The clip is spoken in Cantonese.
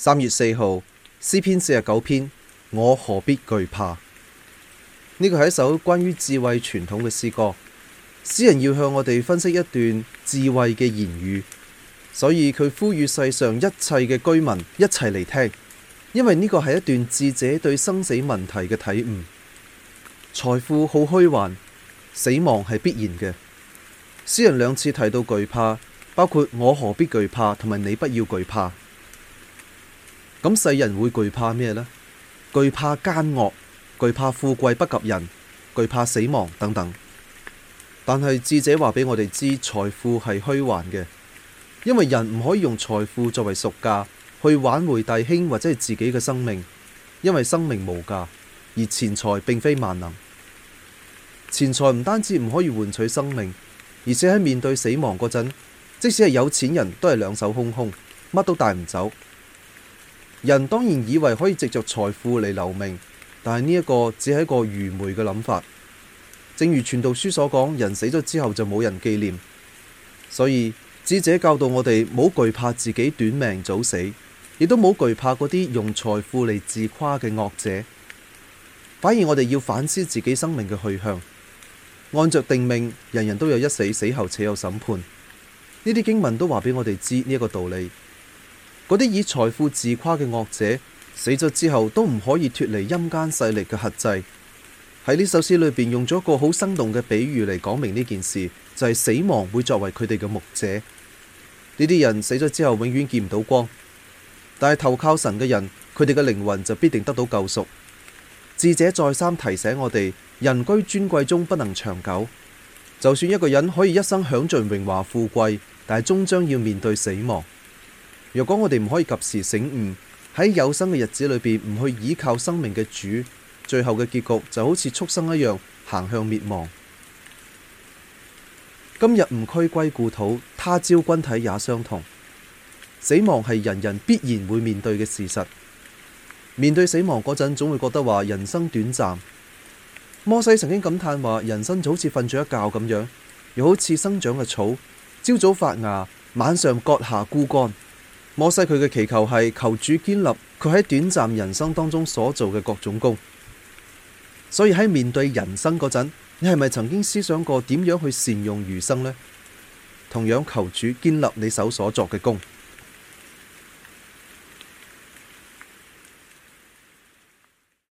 三月四號，詩篇四十九篇，我何必懼怕？呢個係一首關於智慧傳統嘅詩歌，詩人要向我哋分析一段智慧嘅言語，所以佢呼籲世上一切嘅居民一齊嚟聽，因為呢個係一段智者對生死問題嘅體悟。財富好虛幻，死亡係必然嘅。詩人兩次提到懼怕，包括我何必懼怕同埋你不要懼怕。咁世人會懼怕咩呢？懼怕奸惡，懼怕富貴不及人，懼怕死亡等等。但係智者話俾我哋知，財富係虛幻嘅，因為人唔可以用財富作為贖價去挽回弟兄或者係自己嘅生命，因為生命無價，而錢財並非萬能。錢財唔單止唔可以換取生命，而且喺面對死亡嗰陣，即使係有錢人都係兩手空空，乜都帶唔走。人當然以為可以藉着財富嚟留命，但係呢一個只係一個愚昧嘅諗法。正如傳道書所講，人死咗之後就冇人紀念，所以智者教導我哋唔好懼怕自己短命早死，亦都唔好懼怕嗰啲用財富嚟自誇嘅惡者。反而我哋要反思自己生命嘅去向。按着定命，人人都有一死，死後且有審判。呢啲經文都話俾我哋知呢一個道理。嗰啲以財富自誇嘅惡者，死咗之後都唔可以脫離陰間勢力嘅轄制。喺呢首詩裏邊，用咗個好生動嘅比喻嚟講明呢件事，就係、是、死亡會作為佢哋嘅牧者。呢啲人死咗之後，永遠見唔到光。但係投靠神嘅人，佢哋嘅靈魂就必定得到救贖。智者再三提醒我哋：人居尊貴中不能長久，就算一個人可以一生享盡榮華富貴，但係終將要面對死亡。若果我哋唔可以及時醒悟，喺有生嘅日子裏邊唔去倚靠生命嘅主，最後嘅結局就好似畜生一樣行向滅亡。今日吾軀歸故土，他朝君體也相同。死亡係人人必然會面對嘅事實。面對死亡嗰陣，總會覺得話人生短暫。摩西曾經感嘆話：人生就好似瞓咗一覺咁樣，又好似生長嘅草，朝早發芽，晚上割下枯乾。摩西佢嘅祈求係求主堅立佢喺短暫人生當中所做嘅各種工。所以喺面對人生嗰陣，你係咪曾經思想過點樣去善用餘生呢？同樣求主堅立你手所作嘅工。